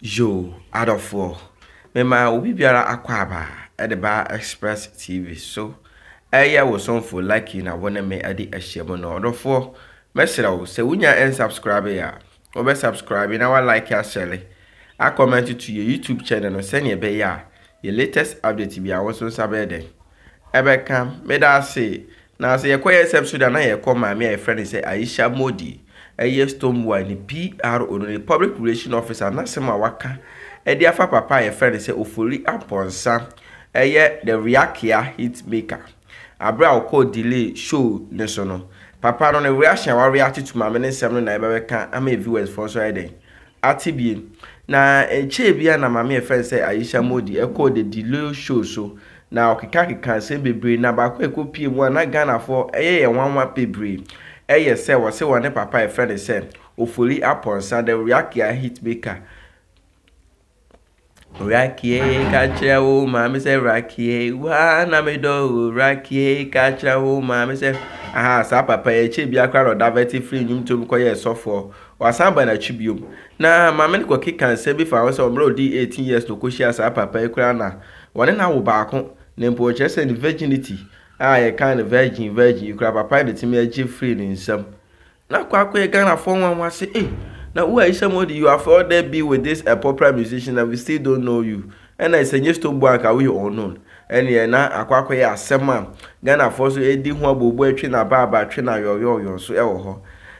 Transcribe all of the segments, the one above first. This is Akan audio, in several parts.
yo adɔfoɔ mema obi biara akɔ abaa ɛde ba express tv so ɛyɛ wo sɔmfo like na wo ne me ɛde ahyia mu no ɔdɔfoɔ mɛsrɛ wo sɛ wonya ɛnsubscribe a wobɛsubscribe na walike ahyɛle akɔmmɛnto to yɛ youtube channel no sɛneɛ ɛbɛyɛ a yɛ latest update bi a wo nso nsa bɛyɛ dɛn ɛbɛka meda ase na sɛ yɛkɔ yɛ sɛb so da na yɛkɔ maame a yɛfrɛ no sɛ aisha modi ɛyɛ Stonewall ne pro no ne public relation officer n'asɛm a waka ɛde afa papa a yɛfrɛ no sɛ ofori apɔnsa ɛyɛ the reakia hit maker abere a wɔkɔɔ delay show ne so no papa no ne reaction a wareɛ ate to maame ne nsɛm no na ɛbɛbɛka ama viewers foɔ so ayɛ dɛn ate bie na nkyɛn bi a na maame yɛfrɛ sɛ ayisha modi ɛkɔ the delay show so na ɔkeka keka nsɛm bebree na baako a ɛkɔ pie mu a na ghanafoɔ ɛyɛ yɛn nwanwa bebree ɛyɛ sɛ wɔse wɔn ne papa yɛfrɛ ne sɛ ofori apɔnsa de reakia hitmaker rakie kakyia wo maame sɛ rakie waa na me dɔ o rakie kakyia wo maame sɛ aha saa papa yɛ ekyir bi akora na ɔda bɛti firi nnwom tom kɔyɛ ɛsɔfoɔ wasan ba n'akyi biom na maame no kɔkeka nsɛm bi fa ho sɛ ɔmmerɛ odi eighteen years na okohyia saa papa yi koraa na wɔne na awo baako na mpɔ kyerɛ sɛ ne virginity a yɛka no virgin virgin kura papa de tumi agye firi ne nsam na akɔ akɔ yɛ ghanafoɔ nwa nwa se eh na wo a yi sɛ mo de you have all there be with this a eh, popular musician and we still don't know you ɛna ɛsɛnyɛ stone boy nka woyɛ unknown ɛneɛ na akɔ akɔ yɛ asɛm a ghanafoɔ so ɛdi ho abobo atwe na baaba atwe na yɔyɔyɔ nso ɛwɔ hɔ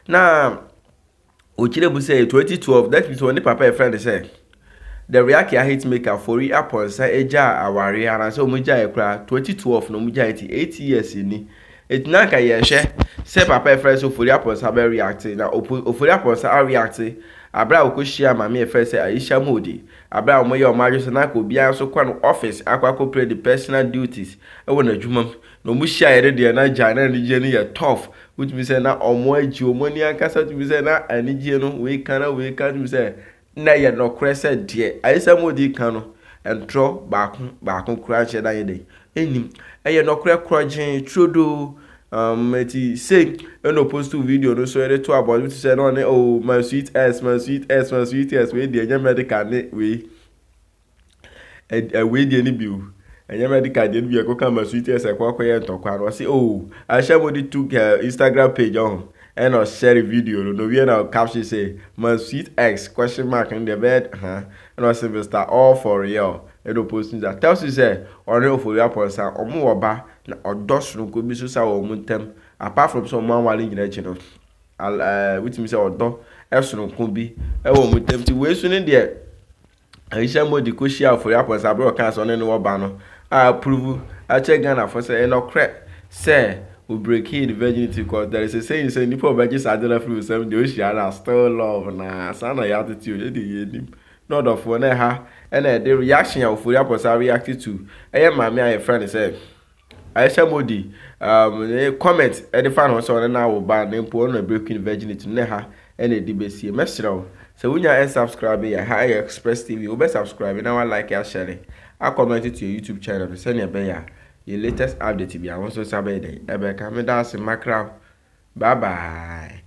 na okyerɛ bu sɛ 2012 that means wɔn ne papa yɛ friend sɛ. the reakia hitmaker afori aponsa egya aware anaasɛ wɔn gya yɛ koraa 2012 na wɔn gya yɛ ti years ni eti na nka yɛhwɛ sɛ papa efra sɛ ofori aponsa na ofori aponsa a wɔkɔhyia maame efra sɛ aisha modi abere a wɔn yɛ wɔn adwo na nka obiara nso kɔ no office the personal duties ɛwɔ n'adwuma na de na na tough na agyi na anigye no ka na na yɛ nɔkorɛ sɛ deɛ ayisɛm odi kan no ntorɔ baako baako kura nhyɛ dan yɛ dɛ enim ɛyɛ nɔkorɛ korɔgyen turodo um eti se ɛna opostu video no so ɛde to abɔ ɛde sɛ ɛna ɔne oh my sweet ass my sweet ass my sweet ass wei deɛ ɛnyɛ medical ne wei ɛwei deɛ ne bi o ɛnyɛ medical deɛ ne bi ɛkɔka my sweet ass ɛkɔ akɔyɛ ntɔkwa no ɔsi oh ahyɛ mo de tu eh, instagram page ɔho ɛna ɔhyɛre video no na owie na caption sɛ my sweet ex question mark no deɛ bɛyɛ hã ɛna say mr all for real ɛna opost no sɛ tell so sɛ ɔne ofori apɔnsa ɔmo wɔ ba na ɔdɔ soronko bi so sa wɔ ɔmo ntam apart from some man ɔmo anwale nyina akyi eh, no al ɛɛ wotumi sɛ ɔdɔ ɛsoronko bi ɛwɔ e ɔmo ntam ti wei so ne deɛ ayihyɛ mo de ko hyia ofori apɔnsa abere ɔka sɛ ɔne ne wɔ ba no approve. I check ghana for say. sɛ no crap. Say break in virginity cause there is a saying say nipa ọbẹji sadela firi osam de ohyia na still love na sana ya attitude ẹni yẹ enim na ọdọfoɔ na ha? ɛna ɛde reaction a ofori apɔsa react to ɛyɛ maame a yɛfrɛ ne sɛ ayɛhyɛ modi um, ne comment ɛde fa ne ho sɛ ɔne na awo ba ne mpo ɔno breaking virginity na ɛha ɛna ɛde besie mɛsrɛ wo sɛ wonya ɛnsubscribe yɛ ha ɛyɛ express tv wobɛ subscribe na wa like ahyɛ ne akɔmmɛnte to your youtube channel no sɛnea ɛbɛyɛ a yɛ latest update bi a wɔn nso nsa bɛyɛ dɛ ɛbɛka meda ase makra bye bye.